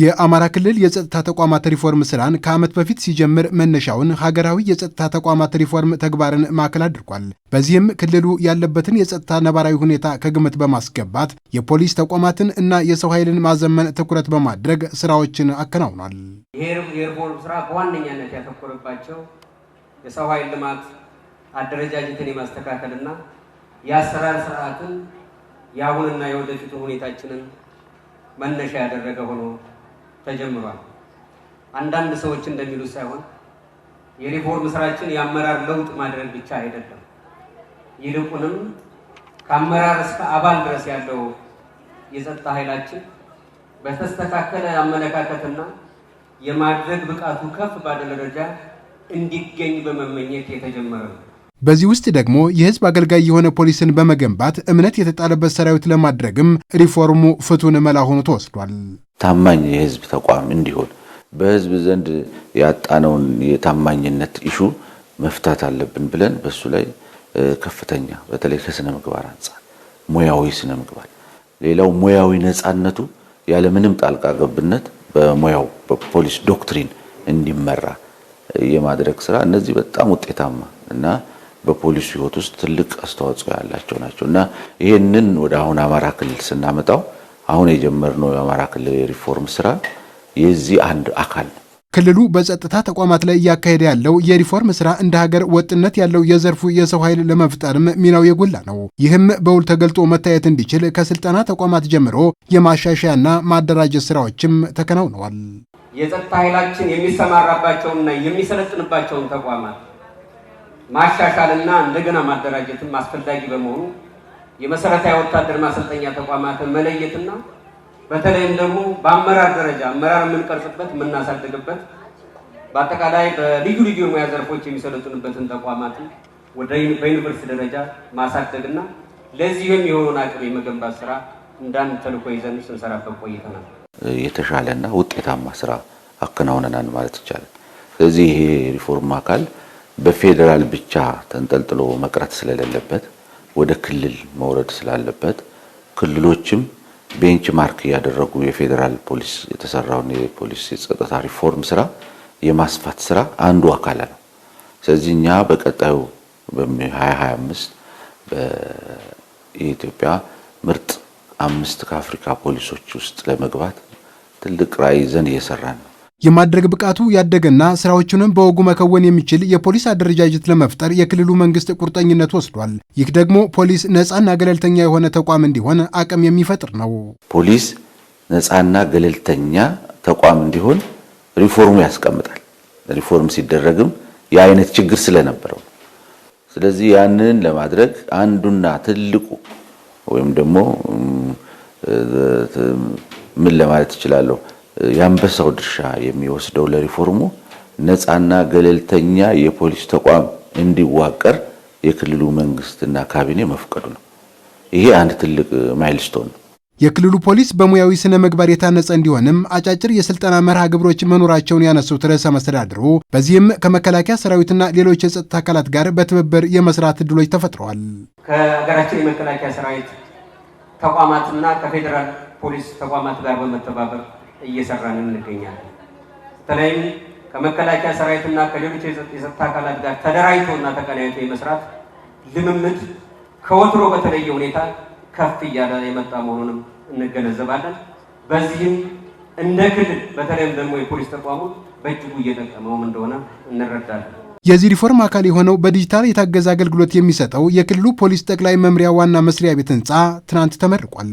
የአማራ ክልል የጸጥታ ተቋማት ሪፎርም ስራን ከዓመት በፊት ሲጀምር መነሻውን ሀገራዊ የጸጥታ ተቋማት ሪፎርም ተግባርን ማዕከል አድርጓል። በዚህም ክልሉ ያለበትን የጸጥታ ነባራዊ ሁኔታ ከግምት በማስገባት የፖሊስ ተቋማትን እና የሰው ኃይልን ማዘመን ትኩረት በማድረግ ስራዎችን አከናውኗል። የሪፎርም ስራ በዋነኛነት ያተኮረባቸው የሰው ኃይል ልማት፣ አደረጃጀትን የማስተካከልና የአሰራር ስርዓትን የአሁንና የወደፊቱ ሁኔታችንን መነሻ ያደረገ ሆኖ ተጀምሯል። አንዳንድ ሰዎች እንደሚሉ ሳይሆን የሪፎርም ስራችን የአመራር ለውጥ ማድረግ ብቻ አይደለም። ይልቁንም ከአመራር እስከ አባል ድረስ ያለው የጸጥታ ኃይላችን በተስተካከለ አመለካከትና የማድረግ ብቃቱ ከፍ ባለ ደረጃ እንዲገኝ በመመኘት የተጀመረ ነው። በዚህ ውስጥ ደግሞ የህዝብ አገልጋይ የሆነ ፖሊስን በመገንባት እምነት የተጣለበት ሰራዊት ለማድረግም ሪፎርሙ ፍቱን መላ ሆኖ ተወስዷል። ታማኝ የህዝብ ተቋም እንዲሆን በህዝብ ዘንድ ያጣነውን የታማኝነት ኢሹ መፍታት አለብን ብለን በሱ ላይ ከፍተኛ በተለይ ከስነ ምግባር አንጻር ሙያዊ ስነ ምግባር፣ ሌላው ሙያዊ ነፃነቱ ያለምንም ጣልቃ ገብነት በሙያው በፖሊስ ዶክትሪን እንዲመራ የማድረግ ስራ እነዚህ በጣም ውጤታማ እና በፖሊስ ህይወት ውስጥ ትልቅ አስተዋጽኦ ያላቸው ናቸው እና ይህንን ወደ አሁን አማራ ክልል ስናመጣው አሁን የጀመርነው የአማራ ክልል የሪፎርም ስራ የዚህ አንድ አካል ነው። ክልሉ በጸጥታ ተቋማት ላይ እያካሄደ ያለው የሪፎርም ስራ እንደ ሀገር ወጥነት ያለው የዘርፉ የሰው ኃይል ለመፍጠርም ሚናው የጎላ ነው። ይህም በውል ተገልጦ መታየት እንዲችል ከስልጠና ተቋማት ጀምሮ የማሻሻያና ማደራጀት ስራዎችም ተከናውነዋል። የጸጥታ ኃይላችን የሚሰማራባቸውና የሚሰለጥንባቸውን ተቋማት ማሻሻልና እንደገና ማደራጀትም አስፈላጊ በመሆኑ የመሰረታዊ ወታደር ማሰልጠኛ ተቋማትን መለየትና በተለይም ደግሞ በአመራር ደረጃ አመራር የምንቀርጽበት የምናሳድግበት በአጠቃላይ በልዩ ልዩ የሙያ ዘርፎች የሚሰለጥኑበትን ተቋማትን በዩኒቨርሲቲ ደረጃ ማሳደግና ለዚህም የሆነውን አቅም የመገንባት ስራ እንዳንድ ተልዕኮ ይዘን ስንሰራበት ቆይተናል። የተሻለና ውጤታማ ስራ አከናውነናል ማለት ይቻላል። ስለዚህ ይሄ ሪፎርም አካል በፌዴራል ብቻ ተንጠልጥሎ መቅረት ስለሌለበት ወደ ክልል መውረድ ስላለበት ክልሎችም ቤንች ማርክ እያደረጉ የፌዴራል ፖሊስ የተሰራውን የፖሊስ የጸጥታ ሪፎርም ስራ የማስፋት ስራ አንዱ አካል ነው። ስለዚህ እኛ በቀጣዩ በ2025 የኢትዮጵያ ምርጥ አምስት ከአፍሪካ ፖሊሶች ውስጥ ለመግባት ትልቅ ራዕይ ይዘን እየሰራን ነው። የማድረግ ብቃቱ ያደገና ስራዎቹንም በወጉ መከወን የሚችል የፖሊስ አደረጃጀት ለመፍጠር የክልሉ መንግስት ቁርጠኝነት ወስዷል። ይህ ደግሞ ፖሊስ ነፃና ገለልተኛ የሆነ ተቋም እንዲሆን አቅም የሚፈጥር ነው። ፖሊስ ነፃና ገለልተኛ ተቋም እንዲሆን ሪፎርሙ ያስቀምጣል። ሪፎርም ሲደረግም የአይነት ችግር ስለነበረው፣ ስለዚህ ያንን ለማድረግ አንዱና ትልቁ ወይም ደግሞ ምን ለማለት እችላለሁ የአንበሳው ድርሻ የሚወስደው ለሪፎርሙ ነፃና ገለልተኛ የፖሊስ ተቋም እንዲዋቀር የክልሉ መንግስትና ካቢኔ መፍቀዱ ነው። ይሄ አንድ ትልቅ ማይልስቶን ነው። የክልሉ ፖሊስ በሙያዊ ስነ ምግባር የታነጸ እንዲሆንም አጫጭር የስልጠና መርሃ ግብሮች መኖራቸውን ያነሱት ርዕሰ መስተዳድሩ በዚህም ከመከላከያ ሰራዊትና ሌሎች የጸጥታ አካላት ጋር በትብብር የመስራት እድሎች ተፈጥረዋል። ከሀገራችን የመከላከያ ሰራዊት ተቋማትና ከፌዴራል ፖሊስ ተቋማት ጋር በመተባበር እየሰራን እንገኛለን። በተለይም ከመከላከያ ሰራዊትና ከሌሎች የጸጥታ አካላት ጋር ተደራጅቶና ተቀናይቶ የመስራት ልምምድ ከወትሮ በተለየ ሁኔታ ከፍ እያለ የመጣ መሆኑንም እንገነዘባለን። በዚህም እንደ ክልል በተለይም ደግሞ የፖሊስ ተቋሙ በእጅጉ እየጠቀመውም እንደሆነ እንረዳለን። የዚህ ሪፎርም አካል የሆነው በዲጂታል የታገዘ አገልግሎት የሚሰጠው የክልሉ ፖሊስ ጠቅላይ መምሪያ ዋና መስሪያ ቤት ህንፃ ትናንት ተመርቋል።